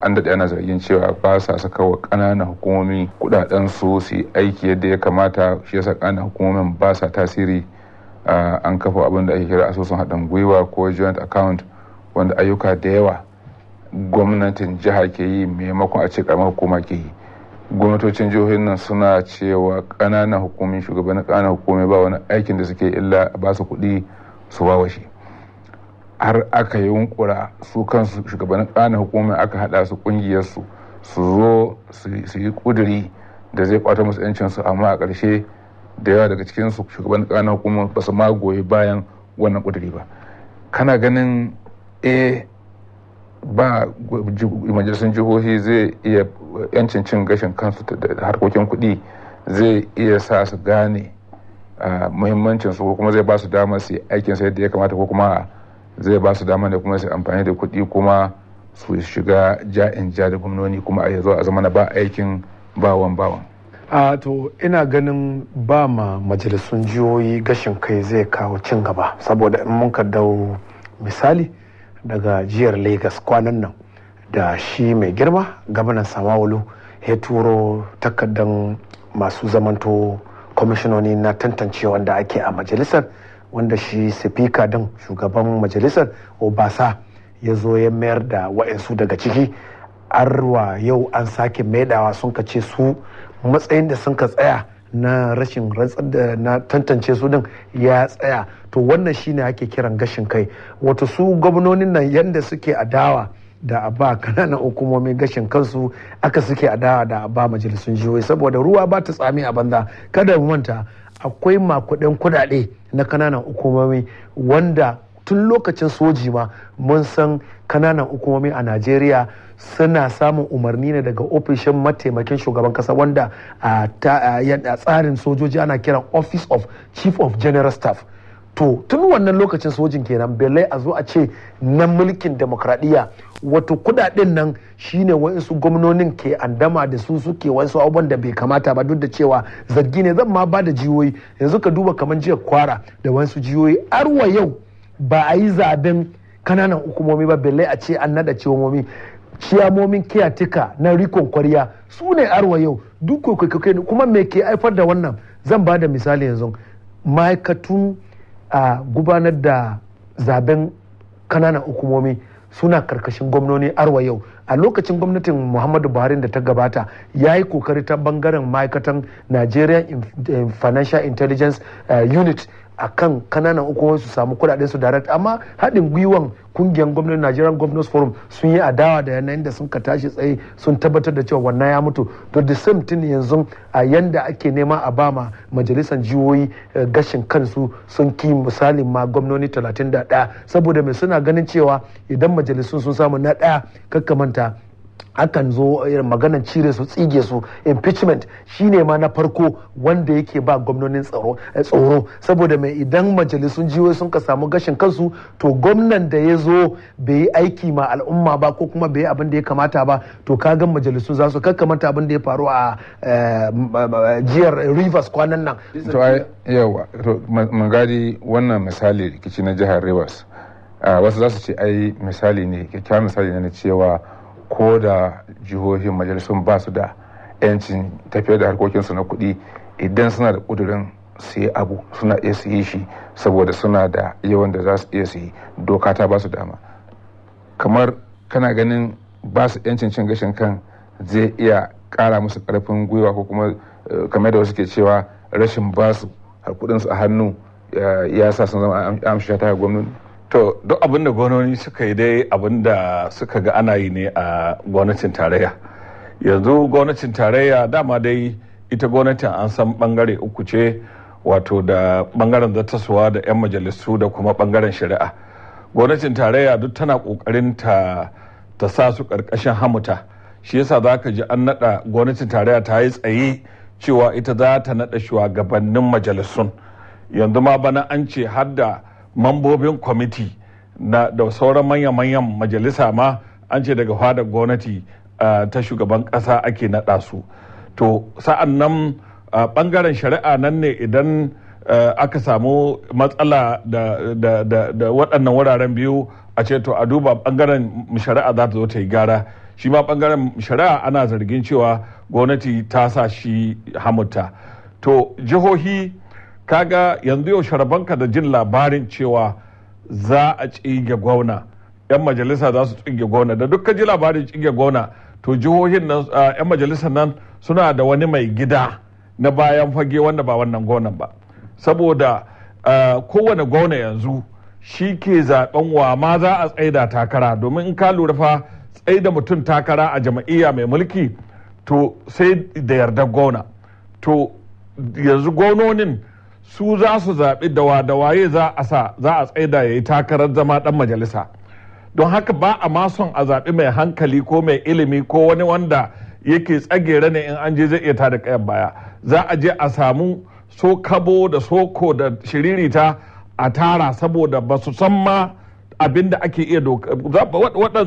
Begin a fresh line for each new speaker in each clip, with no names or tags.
an daɗe ana zargin cewa ba sa saka wa ƙananan hukumomi kuɗaɗen su su aiki yadda ya kamata shi yasa ƙananan hukumomin ba sa tasiri an kafa abin da ake kira asusun haɗin gwiwa ko joint account wanda ayyuka da yawa gwamnatin jiha ke yi maimakon a ce ƙaramar hukuma ke yi gwamnatocin jihohin nan suna cewa ƙananan hukumomi shugabannin ƙananan hukumomi ba wani aikin da suke illa ba su kuɗi su wawashe har aka yunkura su kansu shugabannin ƙananan hukumar aka haɗa su ƙungiyarsu su zo su yi ƙuduri da zai kwato musu su amma a ƙarshe da yawa daga cikinsu shugabannin ƙananan hukumar ba su ma goyi bayan wannan ƙuduri ba kana ganin a eh, ba majalisun jihohi zai iya 'yancin cin gashin kansu da harkokin kuɗi zai iya sa su gane ah, muhimmancinsu ko kuma zai ba su damar su yi aikinsu yadda ya kamata ko kuma zai ba su dama da kuma su amfani da kuɗi kuma su shiga ja'in ja da gwamnoni kuma a yanzu a zama na ba aikin bawan bawan
a to ina ganin ba ma majalisun jihohi gashin kai zai kawo cin gaba saboda in mun dau misali daga jihar lagos kwanan nan da shi mai girma gabanin samawulu ya turo takardan masu zamanto kwamishinoni na tantancewa da ake a majalisar wanda shi sifika din shugaban majalisar obasa ya zo ya mayar da wa'insu daga ciki arwa yau an sake maidawa sun ka ce su matsayin da sun ka tsaya na rashin rantsar da na tantance su din ya tsaya to wannan shine ake kiran gashin kai wato su gwamnonin nan yadda suke adawa da a ba kananan hukumomin gashin kansu aka suke adawa da a ba majalisun jihohi saboda ruwa ba ta tsami a banza kada mu manta akwai makudan kudade na kananan hukumomi wanda tun lokacin soji ma mun san kananan hukumomi a najeriya suna samun umarni ne daga ofishin mataimakin shugaban kasa wanda a tsarin sojoji ana kiran office of chief of general staff to tun wannan lokacin sojin kenan belai a zo a ce na mulkin demokradiyya wato kudaden nan shine su gwamnonin ke andama da su suke wasu abubuwan da bai kamata ba duk da cewa zargi ne zan ma ba da jihohi yanzu ka duba kamar jiya kwara da wasu jihohi arwa yau ba a yi zaben kananan hukumomi ba belai a ce an nada ciwomomi ciyamomin kiyatika na rikon kwarya su ne arwa yau duk kuma me ke haifar da wannan zan ba da misali yanzu ma'aikatun a gudanar da zaben kananan hukumomi suna karkashin gwamnoni arwa yau a lokacin gwamnatin muhammadu buhari da ta gabata ya yi kokari ta bangaren ma'aikatan nigerian eh, financial intelligence eh, unit a kan kananan hukumar su samu kudaden su direct amma haɗin gwiwan kungiyar gwamnatin Nigerian Governors Forum sun yi adawa da yanayin da sun ka tashi tsaye sun tabbatar da cewa wannan ya mutu to the same thing yanzu a yanda ake nema a bama majalisar jihohi eh, gashin kansu sun ki misalin ma gwamnoni 31 saboda mai suna ganin cewa idan majalisun sun samu na ɗaya kakkamanta akan zo irin maganan cire su tsige su impeachment shine ma na farko wanda yake ba gwamnonin eh, tsoro saboda mai idan majalisun jihohi sun ka samu gashin kansu to gwamnan da ya zo bai yi aiki ma al'umma ba ko kuma bai yi abin da ya kamata ba to kaga majalisun za su kakkamata abin da ya faru a eh, jiyar rivers kwanan nan to
yawa magadi wannan misali rikici na jihar rivers wasu za su ce ai misali ne kyakkyawan misali ne na cewa ko da jihohin majalisun ba su da 'yancin tafiya da harkokinsu na kuɗi idan suna da ƙudurin su yi abu suna iya su yi shi saboda suna da yawan da za su iya su yi doka ta ba su dama kamar kana ganin ba su 'yancin cin gashin kan zai iya ƙara musu ƙarfin gwiwa ko kuma eh, kamar da wasu ke cewa rashin ba su a hannu eh, ya sa sun zama amshi ta gwamnati to duk abin da gononi suka yi dai abin da suka ga ana yi ne a
gwamnatin tarayya yanzu gwamnatin tarayya dama dai ita gwamnatin an san bangare uku ce wato da bangaren zattasuwa da 'yan majalisu da kuma bangaren shari'a gwamnatin tarayya duk tana kokarin ta ta sa su karkashin hamuta shi yasa za ka ji an naɗa gwamnatin tarayya ta yi tsaye cewa ita za ta naɗa shugabannin majalisun yanzu ma bana an ce har da mambobin kwamiti na da sauran manya-manyan majalisa ma an ce daga fadar gwamnati ta shugaban kasa ake naɗa su to sa'an nan ɓangaren shari'a nan ne idan aka samu matsala da waɗannan wuraren biyu a ce to a duba ɓangaren shari'a za ta zo ta yi gara shi ma ɓangaren shari'a ana zargin cewa gwamnati ta sa shi hamuta to jihohi kaga yanzu yau sharabanka da jin labarin cewa za a tsige gwauna yan majalisa za su tsige gwauna da dukkan ji labarin tsige gwauna to jihohin nan yan majalisa nan suna da wani mai gida na bayan fage wanda ba wannan gwana ba saboda kowane gwauna yanzu shi ke zaɓen wa ma za a tsaida takara domin in ka lura fa tsaida mutum takara a jama'iyya mai mulki to sai da yarda gwauna to yanzu gwaunonin su za su zaɓi dawa da waye za a sa za a tsaida ya yi takarar zama ɗan majalisa don haka ba a ma son a zaɓi mai hankali ko mai ilimi ko wani wanda yake tsagera ne in an je zai iya tada kayan baya za a je a samu so kabo da soko da shiririta a tara saboda ba su san ma abin da ake iya doka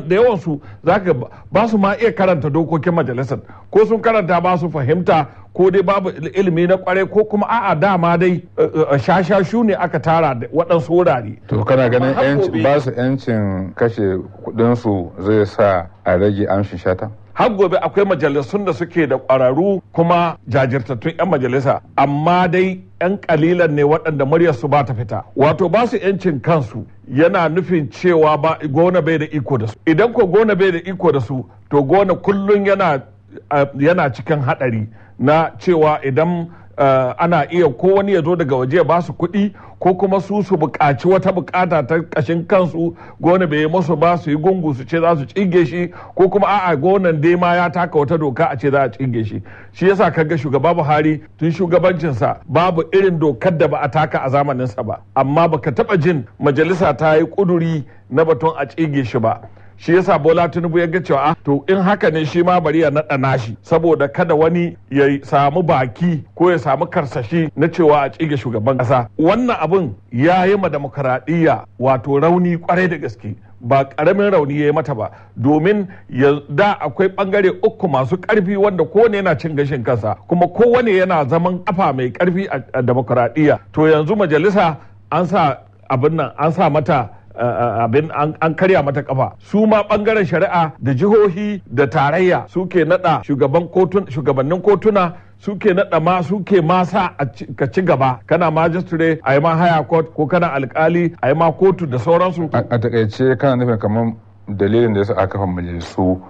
da yawan su zaka ba su ma iya karanta dokokin majalisar ko sun karanta ba su fahimta ko dai babu ilimi na kwarai ko kuma a'a dama dai eh, eh, eh, shashashu ne aka tara waɗansu wurare
to kana ganin ba su 'yancin kashe kudinsu zai sa a rage amshin shata
har gobe akwai majalisun da suke da ƙwararru kuma jajirtattun 'yan majalisa amma dai 'yan kalilan ne waɗanda muryarsu ba ta fita wato ba su 'yancin kansu yana nufin cewa ba gona bai da iko da su idan ko gona bai da iko da su to gona kullum yana eh, cikin haɗari na cewa idan Eh, ana iya ko wani ya zo daga waje ya basu kuɗi ko kuma su su buƙaci wata buƙata ta ƙashin kansu gona bai yi masu ba su yi gungu su ce za su cinge shi ko kuma a'a gonan dai ma ya taka wata doka a ce za a cinge shi shi yasa kaga shugaba Buhari tun shugabancinsa babu irin dokar da ba a taka a zamaninsa ba amma baka taba jin majalisa ta yi ƙuduri na batun a cinge shi ba shi yasa bola tinubu ya ga cewa ah, to in haka ne shi ma bari ya naɗa nashi saboda kada wani ya samu baki ko ya samu karsashi na cewa a tsige shugaban kasa. wannan abin ya yi ma demokaradiyya wato rauni kwarai da gaske ba karamin rauni ya yi mata ba domin da akwai bangare uku masu karfi wanda kowane yana cin gashin kansa kuma kowane yana zaman kafa mai karfi a demokaradiyya to yanzu majalisa an sa abin nan an sa mata abin an karya mata kafa su ma bangaren shari'a da jihohi da tarayya suke nada shugabannin kotuna suke nada ma suke masa ka ci gaba kana majistare a yi ma haya court ko kana alkali a yi ma kotu da
sauransu a takaice kana nufin kamar dalilin da ya sa aka kafa majalisu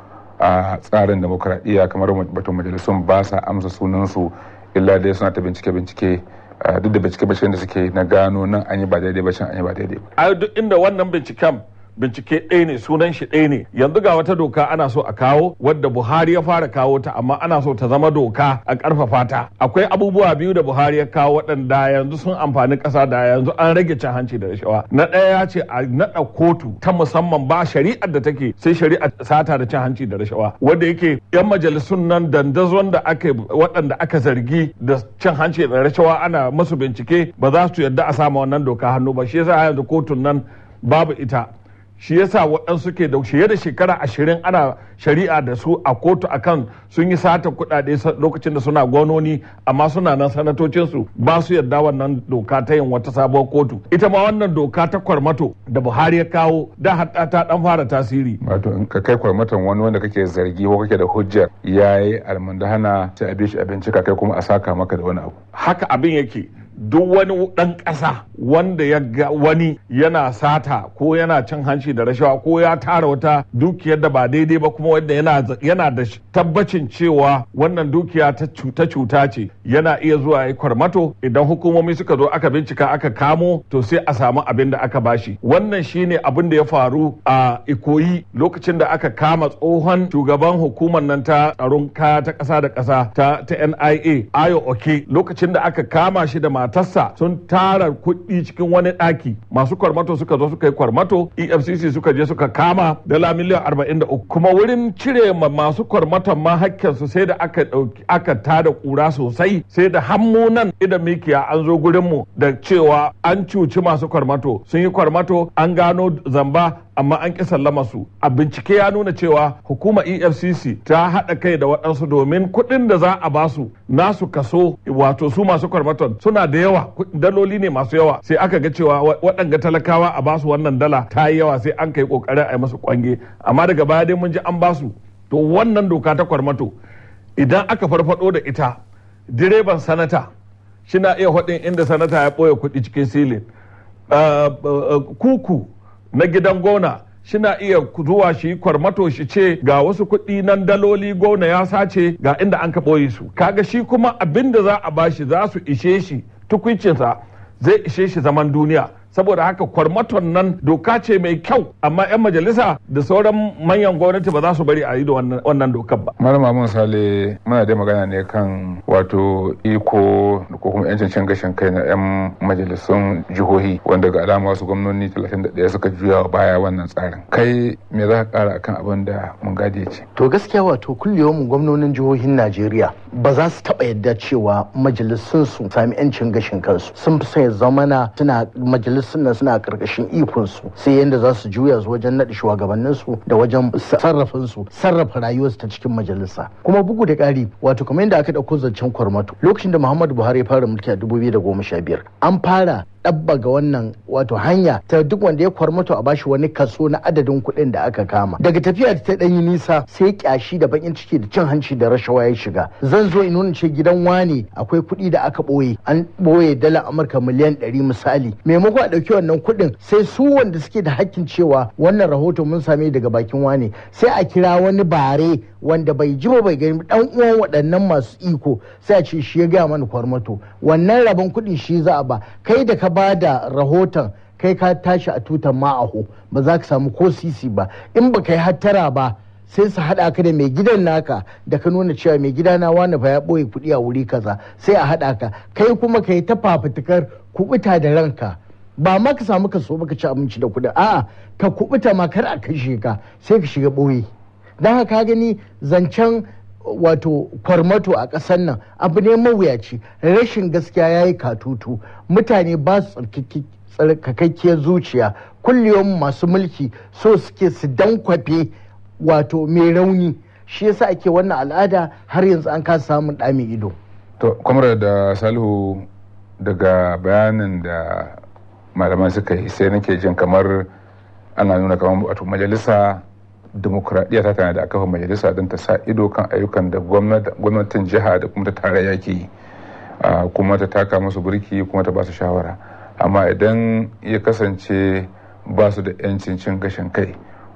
a tsarin demokradiyya kamar batun majalisun ba sa amsa sunansu illa dai suna ta bincike bincike duk da bincike bincike da suke na gano nan an yi ba daidai ba an yi ba daidai ba.
A duk inda wannan binciken bincike ɗaya ne sunan shi ɗaya ne yanzu ga wata doka ana so a kawo wadda buhari ya fara kawo ta amma ana so ta zama doka a ƙarfafa ta akwai abubuwa biyu da buhari ya kawo waɗanda yanzu sun amfani ƙasa da yanzu an rage cin hanci da rashawa na ɗaya ya ce a naɗa kotu ta musamman ba shari'ar da take sai shari'ar sata da cin hanci da rashawa wanda yake yan majalisun nan dandazon da aka waɗanda aka zargi da cin hanci da rashawa ana masu bincike ba za su yarda a sama wannan doka hannu ba shi yasa yanzu kotun nan babu ita shi yasa waɗansu ke da shiye da shekara ashirin ana shari'a da su a kotu akan sun yi sata kuɗaɗe lokacin da suna gononi amma suna nan sanatocinsu ba su yarda wannan doka ta yin wata sabuwar kotu ita ma wannan doka ta kwarmato da buhari ya kawo da hatta ta dan fara tasiri
wato in ka kai kwarmaton wani wanda kake zargi ko kake da hujjar yayi almundahana ta a abinci ka kai kuma a saka maka da wani abu
haka abin yake duk wani ɗan ƙasa wanda ya ga wani yana sata ko yana cin hanci da rashawa ko ya tara wata dukiyar da ba daidai ba kuma wanda yana da tabbacin cewa wannan dukiya ta cuta cuta ce yana iya zuwa ya kwarmato idan hukumomi suka zo aka bincika aka kamo to sai a samu abin da aka bashi wannan shine abin da ya faru a ikoyi lokacin da aka kama tsohon shugaban hukumar nan ta tsaron kaya ta ƙasa da ƙasa ta nia ayo oke lokacin da aka kama shi da matarsa sun tara kuɗi cikin wani ɗaki masu kwarmato suka zo suka yi kwarmato efcc suka je suka kama dala miliyan arba'in da uku kuma wurin cire ma masu kwarmaton ma hakkinsu sai da aka ɗauki aka tada ƙura sosai sai da nan idan mikiya an zo gurin mu da cewa an cuci masu kwarmato sun yi kwarmato an gano zamba amma an ƙi sallama su a bincike ya nuna cewa hukuma efcc ta haɗa kai da waɗansu domin kuɗin da za a basu nasu kaso wato su masu kwarmaton suna da yawa daloli ne masu yawa sai aka ga cewa waɗanga talakawa a basu wannan dala ta yi yawa sai an kai kokarin a yi masu kwange amma daga baya dai mun ji an basu to wannan doka ta kwarmato idan aka farfado da ita direban sanata shina iya haɗin inda sanata ya ɓoye kuɗi cikin silin kuku na gidan gona shina iya zuwa shi kwarmato shi ce ga wasu kuɗi nan daloli gona ya sace ga inda an ka ɓoye su kaga shi kuma abin da za a bashi za su ishe shi tukuncinsa zai ishe shi zaman duniya saboda haka kwarmaton nan doka ce mai kyau amma 'yan majalisa da sauran manyan gwamnati ba za su bari a yi da wannan
dokar ba. malama mun sale muna da magana ne kan wato iko ko kuma 'yancin cin gashin kai na 'yan majalisun jihohi wanda ga alama wasu gwamnoni 31 suka juya baya wannan tsarin
kai me za ka kara akan abin da mun gade ce. to gaskiya wato kullum gwamnonin jihohin najeriya ba za su taba yadda cewa majalisun su sami 'yancin gashin kansu sun fi son ya zamana suna majalisun majalisun nan suna karkashin ikon su sai yanda za su juya su wajen naɗa shugabannin su da wajen sarrafin su sarrafa rayuwarsu ta cikin majalisa kuma bugu da ƙari wato kamar yadda aka dauko zancen kwarmato lokacin da Muhammadu Buhari ya fara mulki a 2015 an fara ɗabbaga wannan wato hanya ta duk wanda ya kwarmato a bashi wani kaso na adadin kuɗin da aka kama daga tafiya da ta ɗanyi nisa sai kyashi da bakin ciki da cin hanci da rashawa ya shiga zan zo in nuna ce gidan wani akwai kuɗi da aka ɓoye an ɓoye dala amurka miliyan ɗari misali maimako a ɗauki wannan kuɗin sai su wanda suke da hakkin cewa wannan rahoton mun same daga bakin wani sai a kira wani bare wanda bai ji ba bai gani dan uwan waɗannan masu iko sai a ce shi ya gaya mana kwarmato wannan rabon kuɗin shi za a ba kai da ka ba da rahoton kai ka tashi a tutan ma'aho ba za ka samu ko sisi ba in ba kai hattara ba sai su haɗa ka da mai gidan naka da ka nuna cewa mai gida na wani fa ya ɓoye kuɗi a wuri kaza sai a haɗa ka kai kuma ka yi ta fafutukar kuɓuta da ranka ba ma ka samu ka ba ka ci abinci da kuɗi a'a ka kuɓuta ma kar a kashe ka sai ka shiga ɓoye. don haka gani zancen wato kwarmato a ƙasar nan abu ne mawuyaci rashin gaskiya ya yi katutu mutane ba su tsarkakakkiyar zuciya kulliyon masu mulki so suke su dankwafe wato mai rauni shi yasa ake wannan al'ada har yanzu an kasa samun ɗami ido
to da salihu daga bayanin da malaman suka yi sai nake jin kamar ana nuna kamar wato majalisa demokuraɗiyya ta tana da kafa majalisa don ta sa ido kan ayyukan da gwamnatin jiha da kuma ta tara yaki yi kuma ta taka musu burki kuma ta ba su shawara amma idan ya kasance ba su da 'yancin cin gashin kai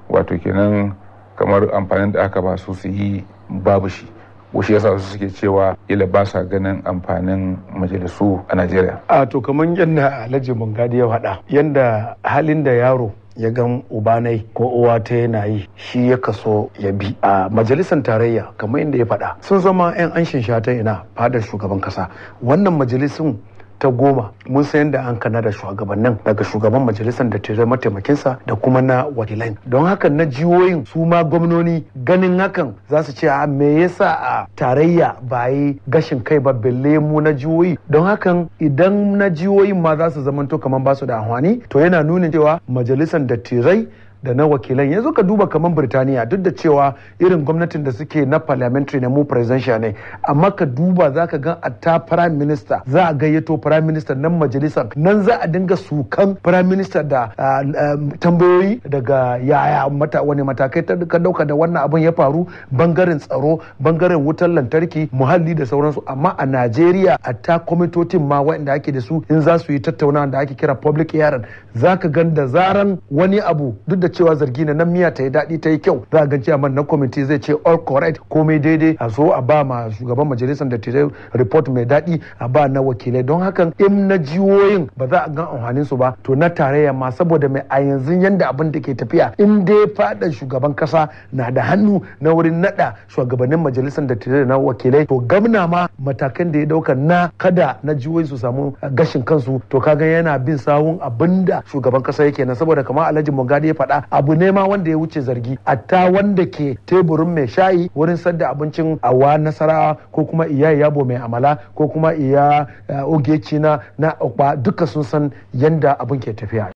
wato kenan kamar amfanin da aka ba su su yi babu shi wasu yasa su suke cewa ila ba sa ganin amfanin majalisu a najeriya
a to kamar yadda alhaji bangadi ya faɗa yadda halin da yaro ya gan ubanai ko uwa ta yana yi shi ya kaso ya bi a majalisar tarayya kamar inda ya faɗa sun zama 'yan anshin shata ina fadar shugaban kasa wannan majalisun ta goma mun san yadda an kana da shugabannin daga shugaban majalisar da tare mataimakinsa da kuma na wakilai don hakan na jihohin su ma gwamnoni ganin hakan za su ce a me yasa a tarayya ba yi gashin kai ba belle mu na jihohi don hakan idan na jihohin ma za su zamanto kamar ba su da amfani to yana nuna cewa majalisar da tirai da na wakilan yanzu ka duba kamar birtaniya duk da cewa irin gwamnatin da suke na parliamentary ne mu presidential ne amma ka duba za ka gan a ta prime minister za a gayyato prime minister nan majalisar nan za a dinga sukan prime minister da ah, ah, tambayoyi daga yaya mata wani matakai ta duka dauka da wannan abin ya faru bangaren tsaro bangaren wutar lantarki muhalli da sauransu amma a najeriya ta kwamitocin ma waɗanda ake da su in za su yi tattaunawa da ake kira public hearing za ka gan da zaran wani abu duk da cewa zargi na nan miya ta yi daɗi ta yi kyau za a ga ciyaman na kwamiti zai ce all correct komai daidai a zo a ba ma shugaban majalisar da ta report mai daɗi a ba na wakilai don hakan in na jihohin ba za a gan amfanin su ba to na tarayya ma saboda mai a yanzu yanda abin da ke tafiya in dai faɗan shugaban kasa na da hannu na wurin naɗa shugabannin majalisar da ta na wakilai to gamna ma matakan da ya ɗauka na kada na jihohi su samu gashin kansu to kaga yana bin sawun abin da shugaban kasa yake na saboda kamar alhaji mogadi ya faɗa shari'a abu ne ma wanda ya wuce zargi atta wanda ke teburin mai shayi wurin sadda abincin awa nasara ko kuma iya yabo mai amala ko kuma iya eh, ogecina na ukpa duka sun san yanda abin ke tafiya